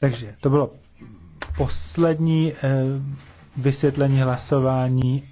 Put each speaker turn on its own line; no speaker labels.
Takže to bylo poslední eh, vysvětlení hlasování.